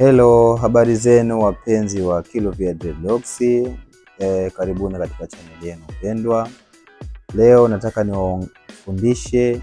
Hello, habari zenu wapenzi wa Kiluvia Dreadlocks. Eh, karibuni katika chaneli yenu pendwa. Leo nataka niwafundishe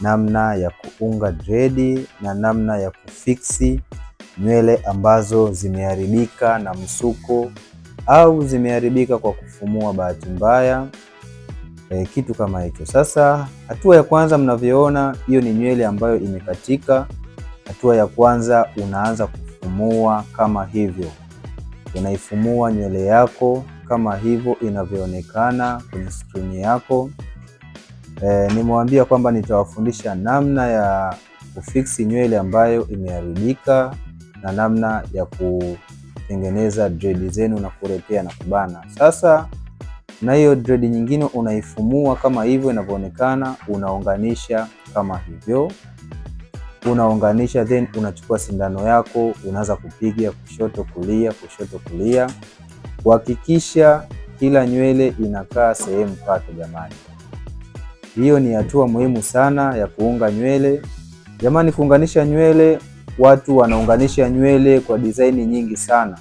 namna ya kuunga dredi na namna ya kufiksi nywele ambazo zimeharibika na msuko au zimeharibika kwa kufumua bahati mbaya, eh, kitu kama hicho. Sasa hatua ya kwanza mnavyoona, hiyo ni nywele ambayo imekatika. Hatua ya kwanza unaanza inaifumua kama hivyo. Unaifumua nywele yako kama hivyo inavyoonekana kwenye skrini yako. E, nimewambia kwamba nitawafundisha namna ya kufiksi nywele ambayo imeharibika na namna ya kutengeneza dredi zenu na kurepea na kubana. Sasa na hiyo dredi nyingine unaifumua kama hivyo inavyoonekana, unaunganisha kama hivyo unaunganisha, then unachukua sindano yako unaanza kupiga kushoto kulia, kushoto kulia. Kuhakikisha kila nywele inakaa sehemu pake. jamani, hiyo ni hatua muhimu sana ya kuunga nywele jamani. Kuunganisha nywele, watu wanaunganisha nywele kwa dizaini nyingi sana.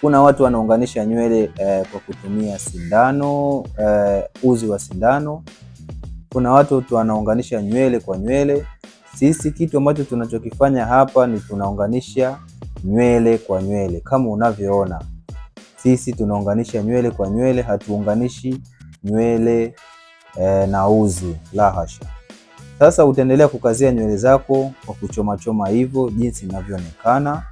Kuna watu wanaunganisha nywele eh, kwa kutumia sindano eh, uzi wa sindano. Kuna watu wanaunganisha nywele kwa nywele sisi kitu ambacho tunachokifanya hapa ni tunaunganisha nywele kwa nywele kama unavyoona. Sisi tunaunganisha nywele kwa nywele, hatuunganishi nywele e, na uzi, la hasha. Sasa utaendelea kukazia nywele zako kwa kuchomachoma hivyo jinsi inavyoonekana.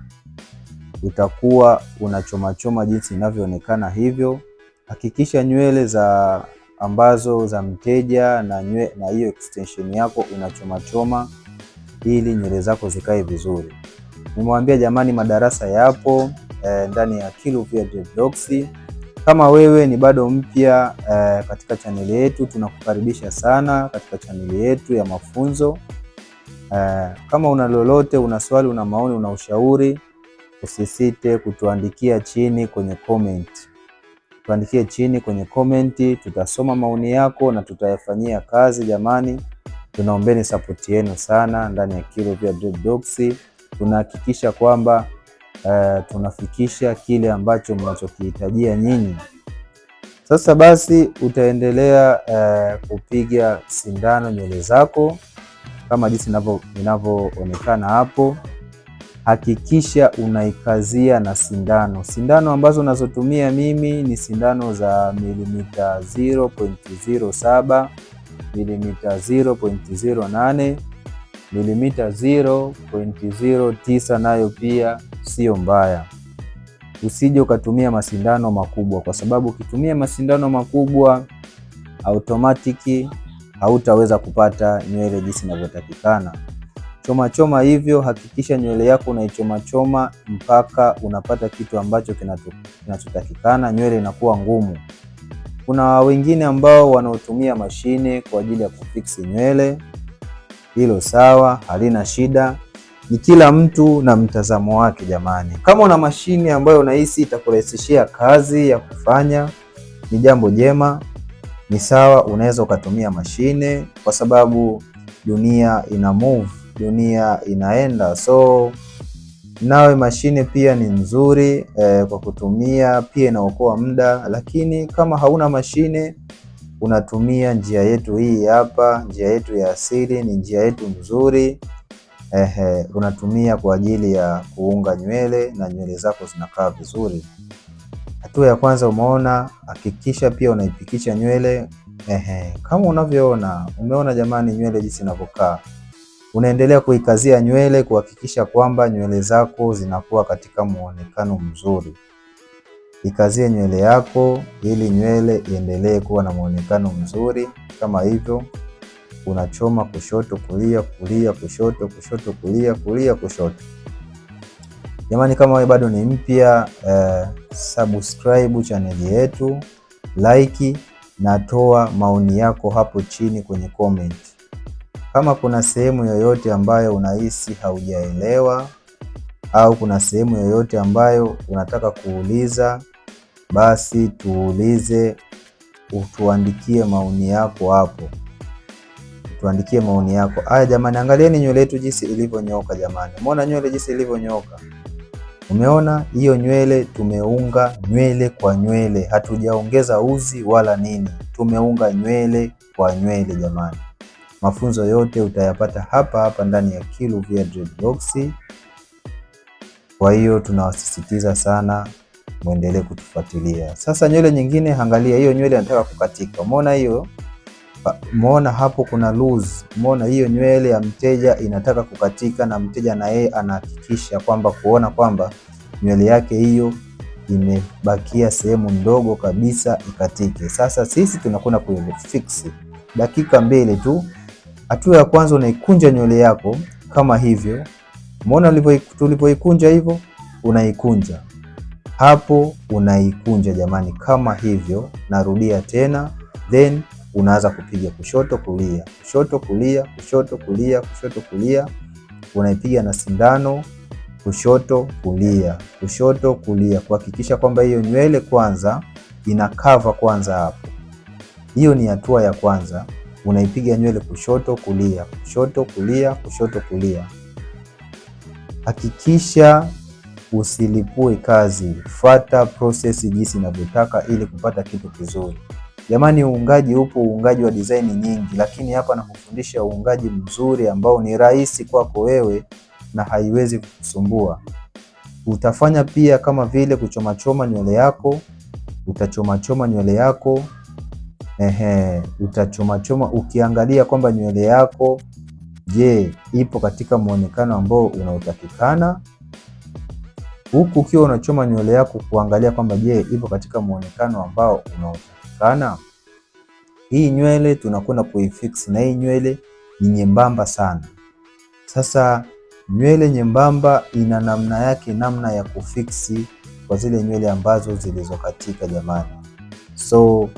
Utakuwa unachomachoma jinsi inavyoonekana hivyo. Hakikisha nywele za ambazo za mteja na hiyo na extension yako unachomachoma ili nywele zako zikae vizuri. Nimewambia jamani, madarasa yapo e, ndani ya Kiluvia Dreadlocks. Kama wewe ni bado mpya e, katika chaneli yetu, tunakukaribisha sana katika chaneli yetu ya mafunzo e, kama una lolote, una swali, una maoni, una ushauri, usisite kutuandikia chini kwenye comment. Tuandikie chini kwenye comment, tutasoma maoni yako na tutayafanyia kazi jamani. Tunaombeni sapoti yenu sana ndani ya Kiluvya Drip Dogs. Tunahakikisha kwamba uh, tunafikisha kile ambacho mnachokihitajia nyinyi. Sasa basi utaendelea uh, kupiga sindano nywele zako kama jinsi inavyoonekana hapo. Hakikisha unaikazia na sindano. Sindano ambazo nazotumia mimi ni sindano za milimita 0.07 milimita 0.08, milimita 0.09 nayo pia sio mbaya. Usije ukatumia masindano makubwa, kwa sababu ukitumia masindano makubwa automatiki hautaweza kupata nywele jinsi inavyotakikana. Choma choma hivyo, hakikisha nywele yako unaichomachoma mpaka unapata kitu ambacho kinachotakikana, nywele inakuwa ngumu. Kuna wengine ambao wanaotumia mashine kwa ajili ya kufiksi nywele, hilo sawa, halina shida. Ni kila mtu na mtazamo wake jamani. Kama una mashine ambayo unahisi itakurahisishia kazi ya kufanya, ni jambo jema, ni sawa, unaweza ukatumia mashine kwa sababu dunia ina move, dunia inaenda so Nawe mashine pia ni nzuri e, kwa kutumia pia inaokoa muda, lakini kama hauna mashine unatumia njia yetu hii hapa. Njia yetu ya asili ni njia yetu nzuri ehe, unatumia kwa ajili ya kuunga nywele na nywele zako zinakaa vizuri. Hatua ya kwanza umeona, hakikisha pia unaipikisha nywele ehe, kama unavyoona. Umeona jamani, nywele jinsi inavyokaa. Unaendelea kuikazia nywele kuhakikisha kwamba nywele zako zinakuwa katika muonekano mzuri. Ikazie nywele yako ili nywele iendelee kuwa na muonekano mzuri. Kama hivyo, unachoma kushoto kulia, kulia kushoto, kushoto kulia, kulia kushoto. Jamani, kama wewe bado ni mpya eh, subscribe chaneli yetu, like na toa maoni yako hapo chini kwenye comment. Kama kuna sehemu yoyote ambayo unahisi haujaelewa au kuna sehemu yoyote ambayo unataka kuuliza, basi tuulize, utuandikie maoni yako hapo, tuandikie maoni yako. Aya jamani, angalieni nywele yetu jinsi ilivyonyoka jamani, umeona nywele jinsi ilivyonyoka? Umeona hiyo nywele, tumeunga nywele kwa nywele, hatujaongeza uzi wala nini, tumeunga nywele kwa nywele jamani. Mafunzo yote utayapata hapa hapa ndani ya via Dreadbox. Kwa hiyo tunawasisitiza sana muendelee kutufuatilia. Sasa nywele nyingine, angalia hiyo nywele nataka kukatika, umeona hiyo, umeona hapo kuna loose, umeona hiyo nywele ya mteja inataka kukatika, na mteja na yeye anahakikisha kwamba kuona kwamba nywele yake hiyo imebakia sehemu ndogo kabisa ikatike. Sasa sisi tunakwenda kuifix dakika mbili tu. Hatua ya kwanza unaikunja nywele yako kama hivyo, umeona tulipoikunja hivyo, unaikunja hapo, unaikunja jamani, kama hivyo. Narudia tena, then unaanza kupiga kushoto kulia, kushoto kulia, kushoto kulia, kushoto kulia, unaipiga na sindano kushoto kulia, kushoto kulia, kuhakikisha kwamba hiyo nywele kwanza inakava kwanza hapo. Hiyo ni hatua ya kwanza unaipiga nywele kushoto kulia, kushoto kulia, kushoto kulia. Hakikisha usilipue kazi, fata prosesi jinsi inavyotaka ili kupata kitu kizuri. Jamani, uungaji upo, uungaji wa design nyingi, lakini hapa nakufundisha uungaji mzuri ambao ni rahisi kwako wewe na haiwezi kukusumbua. Utafanya pia kama vile kuchomachoma nywele yako, utachomachoma nywele yako ehe, utachomachoma ukiangalia kwamba nywele yako je, ipo katika muonekano ambao unaotakikana, huku ukiwa unachoma nywele yako kuangalia kwamba je, ipo katika muonekano ambao unaotakikana. Hii nywele tunakwenda kuifix, na hii nywele ni nyembamba sana. Sasa nywele nyembamba ina namna yake, namna ya kufiksi kwa zile nywele ambazo zilizokatika, jamani, so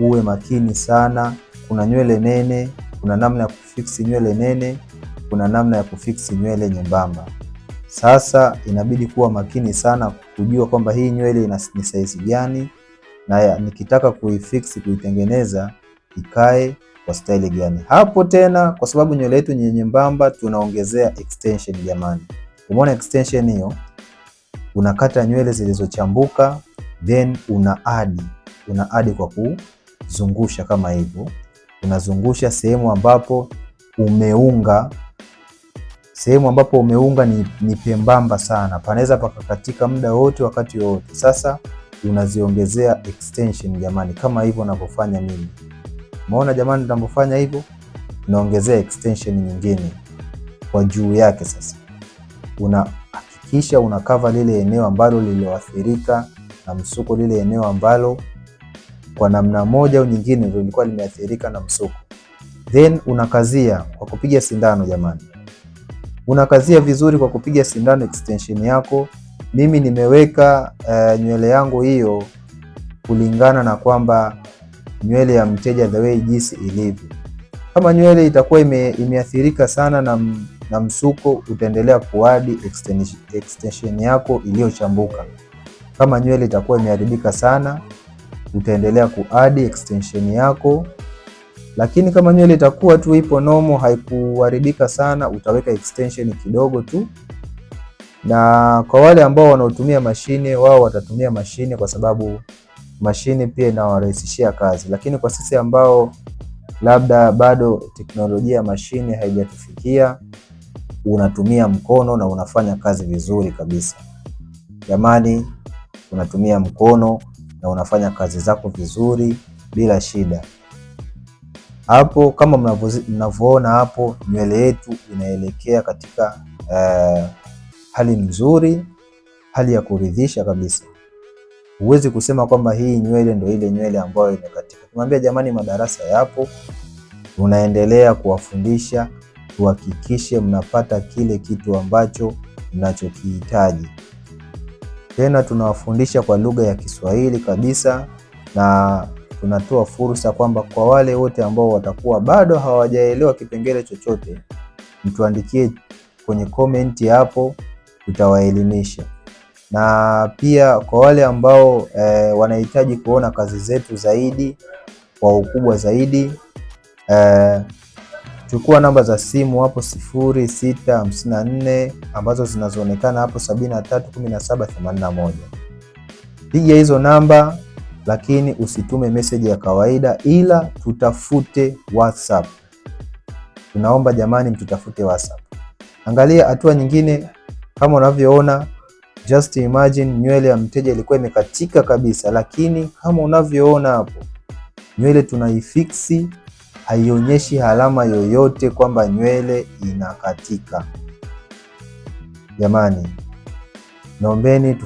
uwe makini sana. Kuna nywele nene, kuna namna ya kufix nywele nene, kuna namna ya kufix nywele nyembamba. Sasa inabidi kuwa makini sana kujua kwamba hii nywele ni saizi gani, na nikitaka kuifix kuitengeneza ikae kwa staili gani. Hapo tena, kwa sababu nywele yetu ni nyembamba, tunaongezea extension. Jamani, umeona extension hiyo? Unakata nywele zilizochambuka then una adi una adi kwa ku zungusha kama hivyo, unazungusha sehemu ambapo umeunga sehemu ambapo umeunga ni, ni pembamba sana, panaweza pakakatika muda wote wakati wowote. Sasa unaziongezea extension jamani, kama hivyo unavyofanya mimi. Umeona jamani, ninavyofanya hivyo, naongezea extension nyingine kwa juu yake. Sasa unahakikisha una cover lile eneo ambalo lililoathirika na msuko, lile eneo ambalo kwa namna moja au nyingine ndio lilikuwa limeathirika na msuko. Then unakazia kwa kupiga sindano jamani. Unakazia vizuri kwa kupiga sindano extension yako. Mimi nimeweka uh, nywele yangu hiyo kulingana na kwamba nywele ya mteja the way jinsi ilivyo. Kama nywele itakuwa ime, imeathirika sana na, na msuko utaendelea kuadi extension, extension yako iliyochambuka. Kama nywele itakuwa imeharibika sana Nitaendelea kuadd extension yako, lakini kama nywele itakuwa tu ipo nomo haikuharibika sana, utaweka extension kidogo tu. Na kwa wale ambao wanaotumia mashine, wao watatumia mashine kwa sababu mashine pia inawarahisishia kazi, lakini kwa sisi ambao labda bado teknolojia ya mashine haijatufikia, unatumia mkono na unafanya kazi vizuri kabisa. Jamani, unatumia mkono na unafanya kazi zako vizuri bila shida. Hapo kama mnavyoona hapo, nywele yetu inaelekea katika uh, hali nzuri, hali ya kuridhisha kabisa. Huwezi kusema kwamba hii nywele ndio ile nywele ambayo imekatika. Tumwambia jamani, madarasa yapo, tunaendelea kuwafundisha, tuhakikishe mnapata kile kitu ambacho mnachokihitaji. Tena tunawafundisha kwa lugha ya Kiswahili kabisa, na tunatoa fursa kwamba kwa wale wote ambao watakuwa bado hawajaelewa kipengele chochote, mtuandikie kwenye komenti hapo, tutawaelimisha. Na pia kwa wale ambao e, wanahitaji kuona kazi zetu zaidi kwa ukubwa zaidi e, Chukua namba za simu hapo 0654 ambazo zinazoonekana hapo 731781. Piga hizo namba, lakini usitume meseji ya kawaida, ila tutafute WhatsApp. Tunaomba jamani, mtutafute WhatsApp. Angalia hatua nyingine, kama unavyoona, just imagine nywele ya mteja ilikuwa imekatika kabisa, lakini kama unavyoona hapo nywele tunaifiksi haionyeshi alama yoyote kwamba nywele inakatika. Jamani, naombeni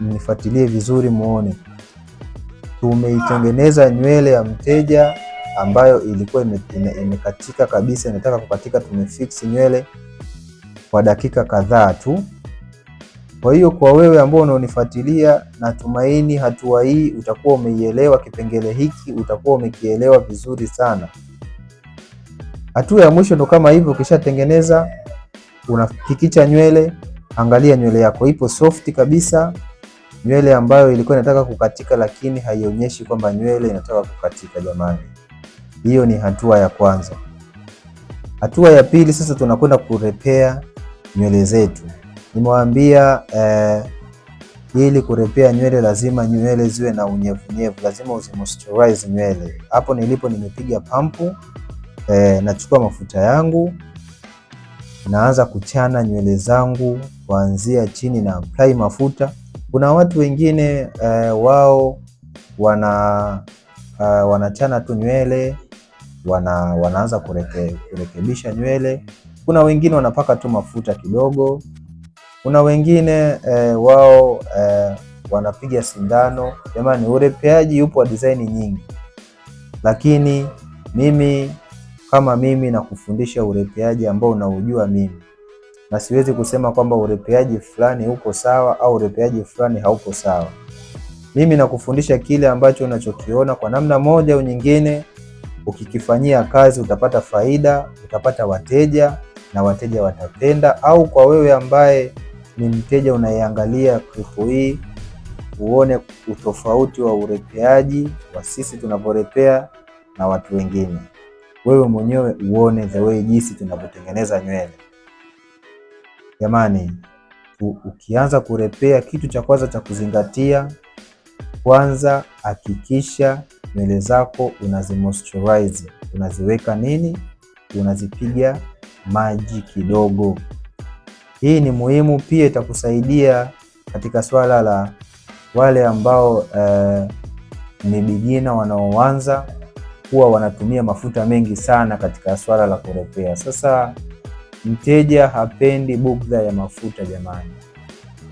mnifuatilie vizuri muone, tumeitengeneza nywele ya mteja ambayo ilikuwa imekatika kabisa, inataka kukatika. Tumefix nywele kwa dakika kadhaa tu. Kwa hiyo kwa wewe ambao unaonifuatilia, natumaini hatua hii utakuwa umeielewa, kipengele hiki utakuwa umekielewa vizuri sana. Hatua ya mwisho ndo kama hivyo, ukishatengeneza unakikicha nywele. Angalia nywele yako ipo soft kabisa, nywele ambayo ilikuwa inataka kukatika, lakini haionyeshi kwamba nywele inataka kukatika. Jamani, hiyo ni hatua ya kwanza. Hatua ya pili sasa, tunakwenda kurepea nywele zetu. Nimewaambia eh, ili kurepea nywele lazima nywele ziwe na unyevunyevu, lazima uzimoisturize nywele. Hapo nilipo nimepiga pampu e, nachukua mafuta yangu naanza kuchana nywele zangu kuanzia chini na apply mafuta. Kuna watu wengine e, wao wana e, wanachana tu nywele wana, wanaanza kureke, kurekebisha nywele. Kuna wengine wanapaka tu mafuta kidogo. Kuna wengine e, wao e, wanapiga sindano. Jamani, urepeaji upo wa design nyingi, lakini mimi kama mimi na kufundisha urepeaji ambao unaojua mimi, na siwezi kusema kwamba urepeaji fulani uko sawa au urepeaji fulani hauko sawa. Mimi nakufundisha kile ambacho unachokiona kwa namna moja au nyingine, ukikifanyia kazi utapata faida, utapata wateja na wateja watapenda. Au kwa wewe ambaye ni mteja unayeangalia klipu hii, uone utofauti wa urepeaji wa sisi tunavyorepea na watu wengine wewe mwenyewe uone the way jinsi tunavyotengeneza nywele. Jamani, ukianza kurepea, kitu cha kwanza cha kuzingatia, kwanza hakikisha nywele zako unazimoisturize, unaziweka nini, unazipiga maji kidogo. Hii ni muhimu, pia itakusaidia katika swala la wale ambao eh, ni bigina wanaoanza huwa wanatumia mafuta mengi sana katika swala la kurepea. Sasa mteja hapendi bugdha ya mafuta jamani,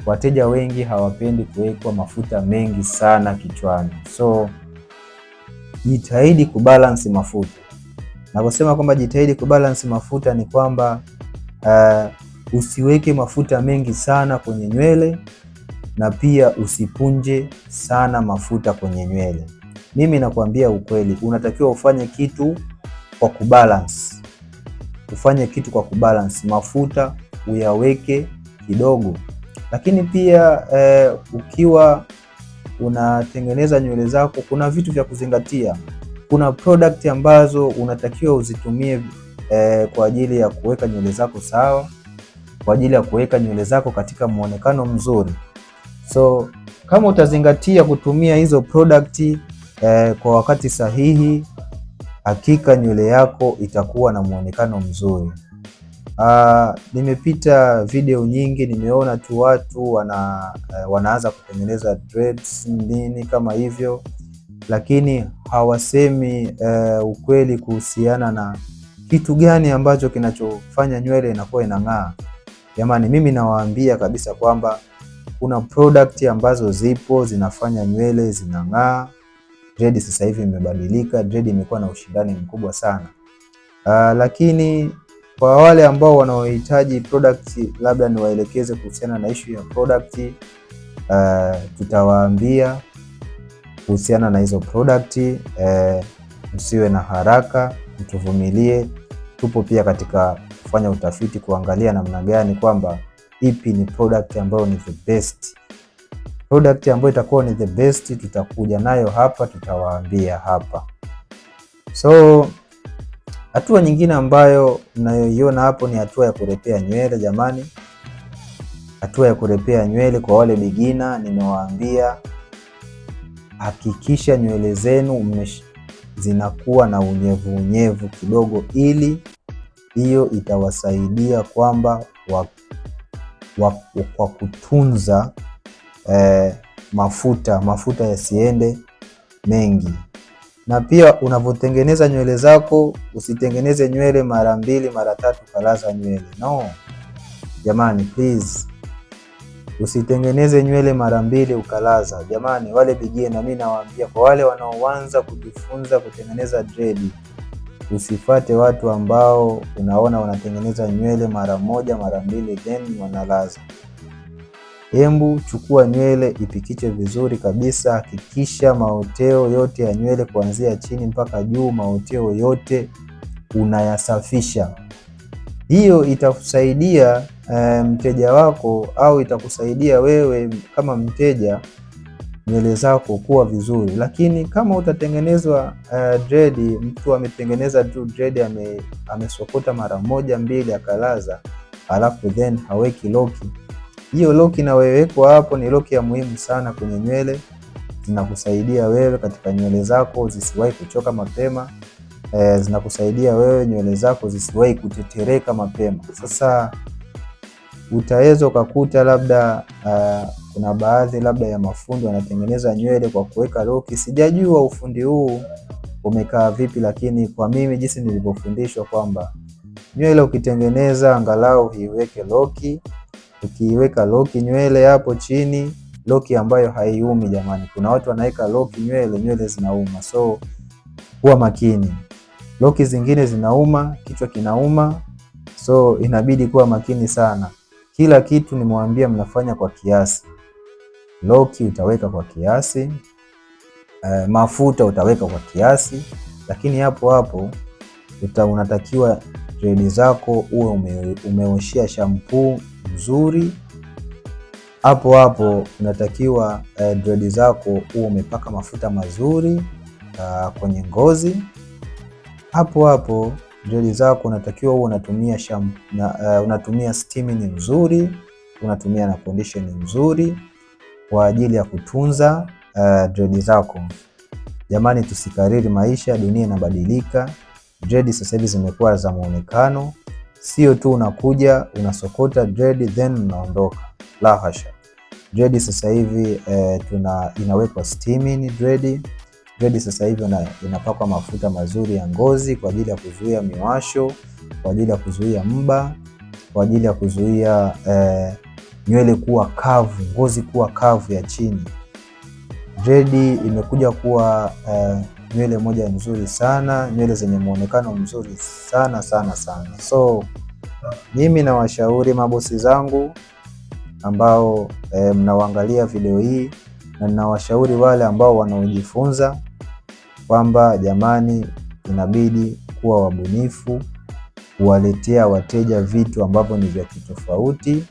wateja wengi hawapendi kuwekwa mafuta mengi sana kichwani, so jitahidi kubalansi mafuta. nakosema kwamba jitahidi kubalansi mafuta ni kwamba uh, usiweke mafuta mengi sana kwenye nywele na pia usipunje sana mafuta kwenye nywele. Mimi nakwambia ukweli, unatakiwa ufanye kitu kwa kubalance, ufanye kitu kwa kubalance. Mafuta uyaweke kidogo, lakini pia eh, ukiwa unatengeneza nywele zako, kuna vitu vya kuzingatia. Kuna product ambazo unatakiwa uzitumie eh, kwa ajili ya kuweka nywele zako sawa, kwa ajili ya kuweka nywele zako katika muonekano mzuri. So kama utazingatia kutumia hizo product eh, kwa wakati sahihi, hakika nywele yako itakuwa na muonekano mzuri. Aa, ah, nimepita video nyingi, nimeona tu watu wana, eh, wanaanza kutengeneza dreads nini kama hivyo, lakini hawasemi eh, ukweli kuhusiana na kitu gani ambacho kinachofanya nywele inakuwa inang'aa. Jamani, mimi nawaambia kabisa kwamba kuna product ambazo zipo zinafanya nywele zinang'aa dread sasa hivi imebadilika, dread imekuwa na ushindani mkubwa sana. Uh, lakini kwa wale ambao wanaohitaji product labda niwaelekeze kuhusiana na issue ya product. Uh, tutawaambia kuhusiana na hizo product. Uh, eh, msiwe na haraka, mtuvumilie. Tupo pia katika kufanya utafiti kuangalia namna gani kwamba ipi ni product ambayo ni the best product ambayo itakuwa ni the best, tutakuja nayo hapa, tutawaambia hapa. So hatua nyingine ambayo mnayoiona hapo ni hatua ya kurepea nywele. Jamani, hatua ya kurepea nywele kwa wale bigina, nimewaambia hakikisha nywele zenu zinakuwa na unyevu unyevu kidogo, ili hiyo itawasaidia kwamba kwa kutunza eh, mafuta mafuta yasiende mengi. Na pia unavyotengeneza nywele zako, usitengeneze nywele mara mbili mara tatu kalaza nywele no, jamani please, usitengeneze nywele mara mbili ukalaza. Jamani wale bigie, na mimi nawaambia kwa wale wanaoanza kujifunza kutengeneza dread, usifate watu ambao unaona wanatengeneza nywele mara moja mara mbili then wanalaza. Hembu chukua nywele ipikiche vizuri kabisa, hakikisha maoteo yote ya nywele kuanzia chini mpaka juu, maoteo yote unayasafisha. Hiyo itakusaidia e, mteja wako au itakusaidia wewe kama mteja nywele zako kuwa vizuri. Lakini kama utatengenezwa uh, dread, mtu ametengeneza tu dread, ame, mara moja mbili akalaza, alafu then haweki loki hiyo lock inayowekwa hapo ni lock ya muhimu sana kwenye nywele, zinakusaidia wewe katika nywele zako zisiwahi kuchoka mapema e, zinakusaidia wewe nywele zako zisiwahi kutetereka mapema. Sasa utaweza ukakuta labda uh, kuna baadhi labda ya mafundi wanatengeneza nywele kwa kuweka loki. Sijajua ufundi huu umekaa vipi, lakini kwa mimi jinsi nilivyofundishwa kwamba nywele ukitengeneza, angalau iweke loki tukiweka loki nywele hapo chini, loki ambayo haiumi. Jamani, kuna watu wanaweka loki nywele, nywele zinauma, so kuwa makini. Loki zingine zinauma, kichwa kinauma, so inabidi kuwa makini sana. Kila kitu nimewambia mnafanya kwa kiasi. Loki utaweka kwa kiasi, e, mafuta utaweka kwa kiasi, lakini hapo hapo uta unatakiwa dread zako uwe umeoshia shampoo mzuri. Hapo hapo unatakiwa eh, dread zako huwa umepaka mafuta mazuri uh, kwenye ngozi. Hapo hapo dread zako unatakiwa huwa unatumia sham, na, uh, unatumia steaming nzuri, unatumia na condition nzuri kwa ajili ya kutunza uh, eh, dread zako. Jamani, tusikariri maisha, dunia inabadilika. Dread sasa hivi zimekuwa za muonekano, Sio tu unakuja unasokota dread then unaondoka, la hasha. Dread sasa hivi e, tuna inawekwa steaming dread. Dread sasa hivi inapakwa mafuta mazuri ya ngozi kwa ajili ya kuzuia miwasho, kwa ajili ya kuzuia mba, kwa ajili ya kuzuia e, nywele kuwa kavu, ngozi kuwa kavu ya chini. Dread imekuja kuwa e, nywele moja nzuri sana, nywele zenye muonekano mzuri sana sana sana. So mimi nawashauri mabosi zangu ambao e, eh, mnaoangalia video hii na ninawashauri wale ambao wanaojifunza kwamba jamani, inabidi kuwa wabunifu, kuwaletea wateja vitu ambavyo ni vya kitofauti,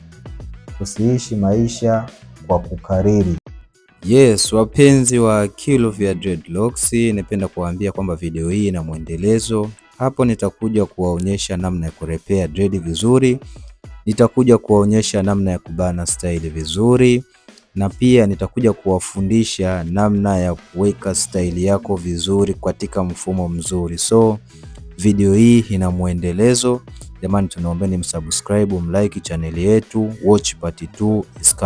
usiishi maisha kwa kukariri. Yes, wapenzi wa Kilo vya Dreadlocks, nipenda kuwaambia kwamba video hii ina mwendelezo. Hapo nitakuja kuwaonyesha namna ya kurepea dread vizuri, nitakuja kuwaonyesha namna ya kubana style vizuri, na pia nitakuja kuwafundisha namna ya kuweka style yako vizuri katika mfumo mzuri. So video hii ina mwendelezo jamani, tunaombeni msubscribe, mlike chaneli yetu, watch part 2.